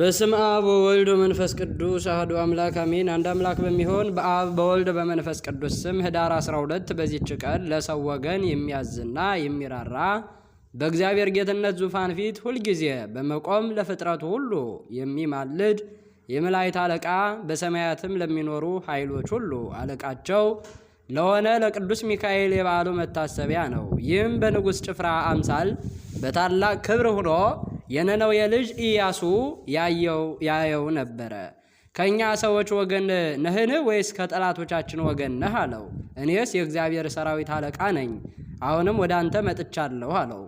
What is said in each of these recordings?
በስም አብ ወወልድ መንፈስ ቅዱስ አህዱ አምላክ አሜን። አንድ አምላክ በሚሆን በአብ በወልድ በመንፈስ ቅዱስ ስም ህዳር 12 በዚች ቀን ለሰው ወገን የሚያዝና የሚራራ በእግዚአብሔር ጌትነት ዙፋን ፊት ሁልጊዜ በመቆም ለፍጥረቱ ሁሉ የሚማልድ የመላእክት አለቃ በሰማያትም ለሚኖሩ ኃይሎች ሁሉ አለቃቸው ለሆነ ለቅዱስ ሚካኤል የበዓሉ መታሰቢያ ነው። ይህም በንጉሥ ጭፍራ አምሳል በታላቅ ክብር ሆኖ የነነዌ ልጅ ኢያሱ ያየው ነበረ። ከእኛ ሰዎች ወገን ነህን ወይስ ከጠላቶቻችን ወገን ነህ አለው። እኔስ የእግዚአብሔር ሰራዊት አለቃ ነኝ፣ አሁንም ወደ አንተ መጥቻለሁ አለው።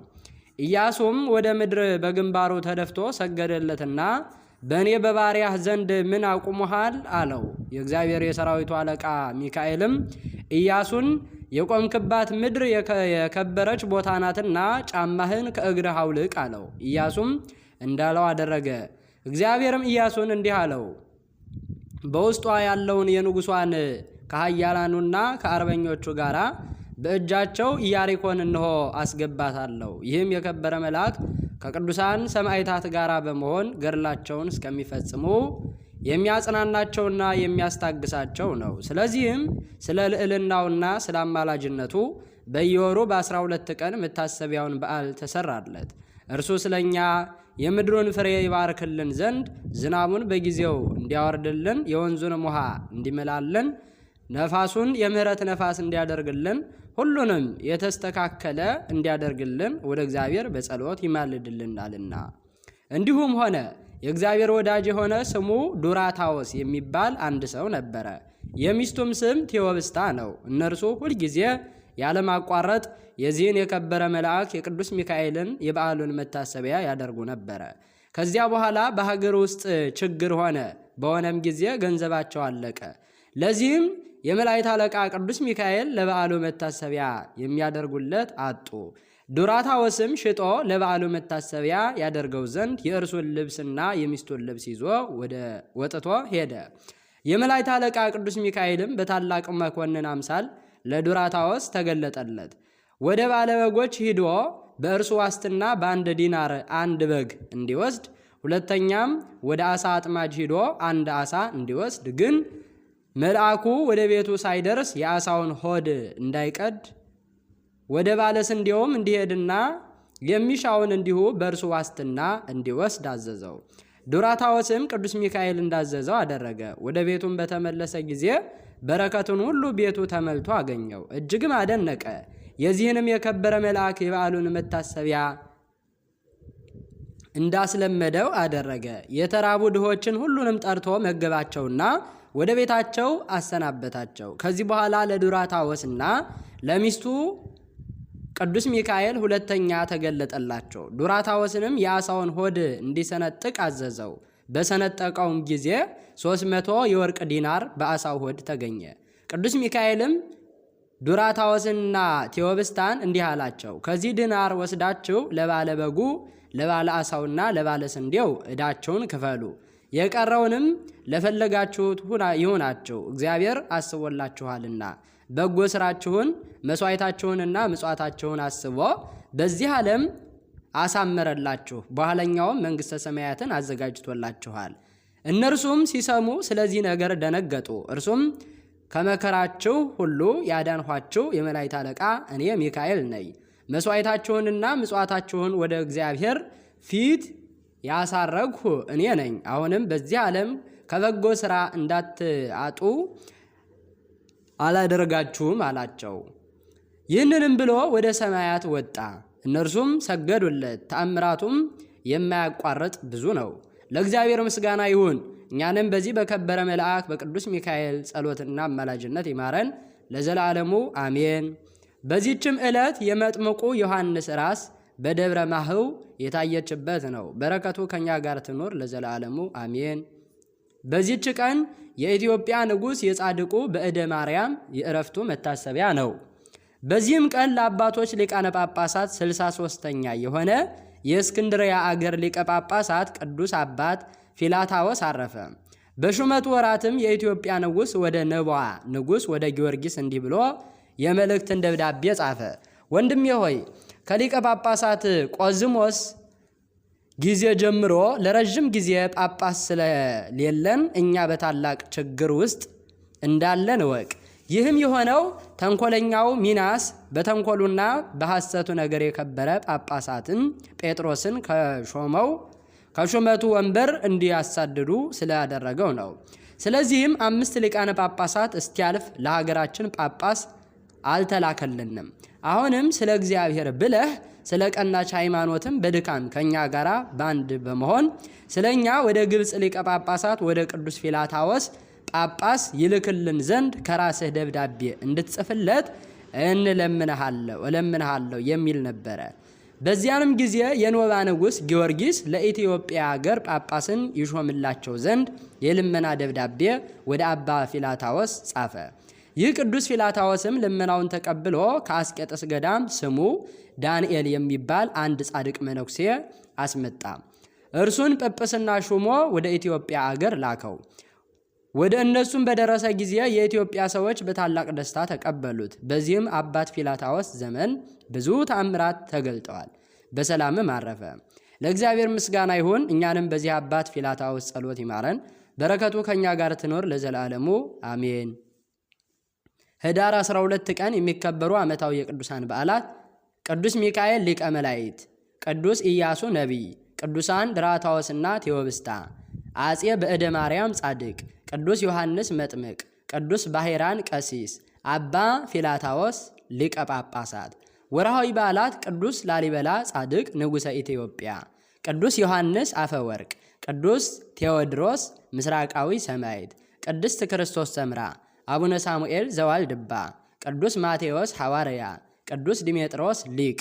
ኢያሱም ወደ ምድር በግንባሩ ተደፍቶ ሰገደለትና በእኔ በባሪያህ ዘንድ ምን አቁሙሃል አለው። የእግዚአብሔር የሰራዊቱ አለቃ ሚካኤልም ኢያሱን የቆምክባት ምድር የከበረች ቦታ ናትና ጫማህን ከእግርህ አውልቅ አለው። ኢያሱም እንዳለው አደረገ። እግዚአብሔርም ኢያሱን እንዲህ አለው፣ በውስጧ ያለውን የንጉሷን ከሀያላኑና ከአርበኞቹ ጋር በእጃቸው ኢያሪኮን እንሆ አስገባታለሁ። ይህም የከበረ መልአክ ከቅዱሳን ሰማዕታት ጋር በመሆን ገድላቸውን እስከሚፈጽሙ የሚያጽናናቸውና የሚያስታግሳቸው ነው። ስለዚህም ስለ ልዕልናውና ስለ አማላጅነቱ በየወሩ በአስራ ሁለት ቀን መታሰቢያውን በዓል ተሰራለት። እርሱ ስለ እኛ የምድሩን ፍሬ ይባርክልን ዘንድ ዝናቡን በጊዜው እንዲያወርድልን፣ የወንዙንም ውሃ እንዲመላልን ነፋሱን የምህረት ነፋስ እንዲያደርግልን፣ ሁሉንም የተስተካከለ እንዲያደርግልን ወደ እግዚአብሔር በጸሎት ይማልድልናልና እንዲሁም ሆነ የእግዚአብሔር ወዳጅ የሆነ ስሙ ዱራታዎስ የሚባል አንድ ሰው ነበረ። የሚስቱም ስም ቴዎብስታ ነው። እነርሱ ሁልጊዜ ያለማቋረጥ የዚህን የከበረ መልአክ የቅዱስ ሚካኤልን የበዓሉን መታሰቢያ ያደርጉ ነበረ። ከዚያ በኋላ በሀገር ውስጥ ችግር ሆነ። በሆነም ጊዜ ገንዘባቸው አለቀ። ለዚህም የመላእክት አለቃ ቅዱስ ሚካኤል ለበዓሉ መታሰቢያ የሚያደርጉለት አጡ። ዱራታ ወስም ሽጦ ለበዓሉ መታሰቢያ ያደርገው ዘንድ የእርሱን ልብስና የሚስቱን ልብስ ይዞ ወደ ወጥቶ ሄደ። የመላእክት አለቃ ቅዱስ ሚካኤልም በታላቅ መኮንን አምሳል ለዱራታዎስ ተገለጠለት። ወደ ባለ በጎች ሂዶ በእርሱ ዋስትና በአንድ ዲናር አንድ በግ እንዲወስድ፣ ሁለተኛም ወደ አሳ አጥማጅ ሂዶ አንድ አሳ እንዲወስድ፣ ግን መልአኩ ወደ ቤቱ ሳይደርስ የአሳውን ሆድ እንዳይቀድ ወደ ባለስንዴውም እንዲሄድና የሚሻውን እንዲሁ በእርሱ ዋስትና እንዲወስድ አዘዘው። ዱራታዎስም ቅዱስ ሚካኤል እንዳዘዘው አደረገ። ወደ ቤቱም በተመለሰ ጊዜ በረከቱን ሁሉ ቤቱ ተመልቶ አገኘው። እጅግም አደነቀ። የዚህንም የከበረ መልአክ የበዓሉን መታሰቢያ እንዳስለመደው አደረገ። የተራቡ ድሆችን ሁሉንም ጠርቶ መገባቸውና ወደ ቤታቸው አሰናበታቸው። ከዚህ በኋላ ለዱራታዎስና ለሚስቱ ቅዱስ ሚካኤል ሁለተኛ ተገለጠላቸው። ዱራታወስንም የአሳውን ሆድ እንዲሰነጥቅ አዘዘው። በሰነጠቀውም ጊዜ 300 የወርቅ ዲናር በአሳው ሆድ ተገኘ። ቅዱስ ሚካኤልም ዱራታወስንና ቴዎብስታን እንዲህ አላቸው፣ ከዚህ ዲናር ወስዳችሁ ለባለ በጉ ለባለ አሳውና ለባለ ስንዴው ዕዳቸውን ክፈሉ። የቀረውንም ለፈለጋችሁት ይሁናችሁ፣ እግዚአብሔር አስቦላችኋልና በጎ ስራችሁን መስዋዕታችሁንና ምጽዋታችሁን አስቦ በዚህ ዓለም አሳመረላችሁ፣ በኋለኛውም መንግሥተ ሰማያትን አዘጋጅቶላችኋል። እነርሱም ሲሰሙ ስለዚህ ነገር ደነገጡ። እርሱም ከመከራችሁ ሁሉ ያዳንኋችሁ የመላእክት አለቃ እኔ ሚካኤል ነኝ፣ መስዋዕታችሁንና ምጽዋታችሁን ወደ እግዚአብሔር ፊት ያሳረግሁ እኔ ነኝ። አሁንም በዚህ ዓለም ከበጎ ሥራ እንዳትአጡ አላደረጋችሁም አላቸው። ይህንንም ብሎ ወደ ሰማያት ወጣ። እነርሱም ሰገዱለት። ተአምራቱም የማያቋርጥ ብዙ ነው። ለእግዚአብሔር ምስጋና ይሁን። እኛንም በዚህ በከበረ መልአክ በቅዱስ ሚካኤል ጸሎትና አማላጅነት ይማረን ለዘላለሙ አሜን። በዚችም ዕለት የመጥምቁ ዮሐንስ ራስ በደብረ ማህው የታየችበት ነው። በረከቱ ከእኛ ጋር ትኑር ለዘላለሙ አሜን። በዚህች ቀን የኢትዮጵያ ንጉሥ የጻድቁ በእደ ማርያም የእረፍቱ መታሰቢያ ነው። በዚህም ቀን ለአባቶች ሊቃነ ጳጳሳት ስልሳ ሦስተኛ የሆነ የእስክንድርያ አገር ሊቀ ጳጳሳት ቅዱስ አባት ፊላታዎስ አረፈ። በሹመቱ ወራትም የኢትዮጵያ ንጉሥ ወደ ነቧ ንጉሥ ወደ ጊዮርጊስ እንዲህ ብሎ የመልእክትን ደብዳቤ ጻፈ። ወንድሜ ሆይ ከሊቀ ጳጳሳት ቆዝሞስ ጊዜ ጀምሮ ለረዥም ጊዜ ጳጳስ ስለሌለን እኛ በታላቅ ችግር ውስጥ እንዳለን እወቅ። ይህም የሆነው ተንኮለኛው ሚናስ በተንኮሉና በሐሰቱ ነገር የከበረ ጳጳሳትን ጴጥሮስን ከሾመው ከሹመቱ ወንበር እንዲያሳድዱ ስላደረገው ነው። ስለዚህም አምስት ሊቃነ ጳጳሳት እስኪያልፍ ለሀገራችን ጳጳስ አልተላከልንም። አሁንም ስለ እግዚአብሔር ብለህ ስለ ቀናች ሃይማኖትም በድካም ከእኛ ጋር በአንድ በመሆን ስለ እኛ ወደ ግብፅ ሊቀ ጳጳሳት ወደ ቅዱስ ፊላታወስ ጳጳስ ይልክልን ዘንድ ከራስህ ደብዳቤ እንድትጽፍለት እንለምንሃለሁ እለምንሃለሁ የሚል ነበረ። በዚያንም ጊዜ የኖባ ንጉሥ ጊዮርጊስ ለኢትዮጵያ አገር ጳጳስን ይሾምላቸው ዘንድ የልመና ደብዳቤ ወደ አባ ፊላታወስ ጻፈ። ይህ ቅዱስ ፊላታዎስም ልመናውን ተቀብሎ ከአስቄጥስ ገዳም ስሙ ዳንኤል የሚባል አንድ ጻድቅ መነኩሴ አስመጣ። እርሱን ጵጵስና ሹሞ ወደ ኢትዮጵያ አገር ላከው። ወደ እነሱም በደረሰ ጊዜ የኢትዮጵያ ሰዎች በታላቅ ደስታ ተቀበሉት። በዚህም አባት ፊላታዎስ ዘመን ብዙ ተአምራት ተገልጠዋል። በሰላምም አረፈ። ለእግዚአብሔር ምስጋና ይሁን። እኛንም በዚህ አባት ፊላታዎስ ጸሎት ይማረን። በረከቱ ከእኛ ጋር ትኖር ለዘላለሙ አሜን። ህዳር 12 ቀን የሚከበሩ ዓመታዊ የቅዱሳን በዓላት ቅዱስ ሚካኤል ሊቀ መላእክት፣ ቅዱስ ኢያሱ ነቢይ፣ ቅዱሳን ድራታዎስና ቴዎብስታ፣ አጼ በእደ ማርያም ጻድቅ፣ ቅዱስ ዮሐንስ መጥምቅ፣ ቅዱስ ባሄራን ቀሲስ፣ አባ ፊላታዎስ ሊቀ ጳጳሳት። ወርሃዊ በዓላት ቅዱስ ላሊበላ ጻድቅ ንጉሠ ኢትዮጵያ፣ ቅዱስ ዮሐንስ አፈወርቅ፣ ቅዱስ ቴዎድሮስ ምስራቃዊ ሰማዕት፣ ቅድስት ክርስቶስ ተምራ! አቡነ ሳሙኤል ዘዋልድባ፣ ቅዱስ ማቴዎስ ሐዋርያ፣ ቅዱስ ዲሜጥሮስ ሊቅ።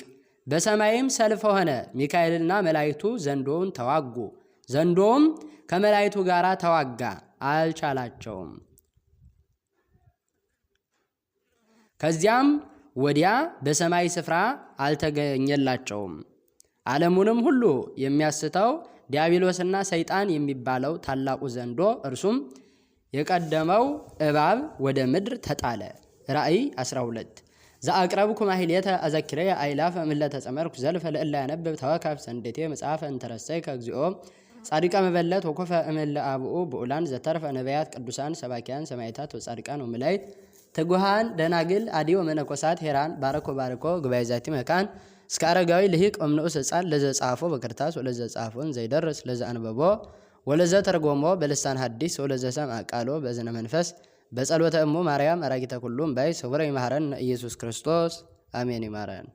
በሰማይም ሰልፍ ሆነ፣ ሚካኤልና መላይቱ ዘንዶውን ተዋጉ። ዘንዶውም ከመላይቱ ጋር ተዋጋ፣ አልቻላቸውም። ከዚያም ወዲያ በሰማይ ስፍራ አልተገኘላቸውም። ዓለሙንም ሁሉ የሚያስተው ዲያብሎስና ሰይጣን የሚባለው ታላቁ ዘንዶ እርሱም የቀደመው እባብ ወደ ምድር ተጣለ። ራእይ 12 ዘአቅረብኩ ማሕሌተ አዘኪረ አይላፈ ምለ ተጸመርኩ ዘልፈ ለእለ ያነብብ ተወከፍ ሰንዴቴ መጽሐፈ እንተረሰይ እግዚኦ ጻድቀ መበለት ወኮፈ እምእለ አብኡ ብኡላን ዘተርፈ ነቢያት ቅዱሳን ሰባኪያን ሰማዕታት ወጻድቃን ወመላእክት ትጉሃን ደናግል አዲዮ መነኮሳት ሄራን ባረኮ ባረኮ ጉባኤ ዛቲ መካን እስከ አረጋዊ ልሂቅ እምንዑስ ሕፃን ለዘጻፎ በክርታስ ወለዘጻፎን ዘይደርስ ለዘአንበቦ ወለዘ ተርጎሞ በልሳን ሐዲስ ወለዘ ሰምዐ ቃሎ በዝነ መንፈስ በጸሎተ እሙ ማርያም አራጊተ ኩሉም ባይ ስውረ ይማረን ኢየሱስ ክርስቶስ አሜን። ይማረን።